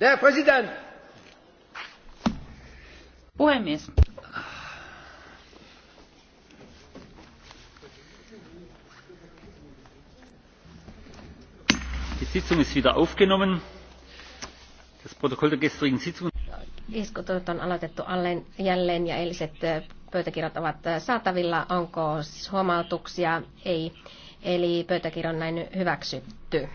Der Präsident! Puhemies. Die Sitzung ist wieder aufgenommen. Das Protokoll der gestrigen Sitzung. Iskut on aloitettu jälleen ja eiliset pöytäkirjat ovat saatavilla. Onko huomautuksia? Ei. Eli pöytäkirja on näin hyväksytty.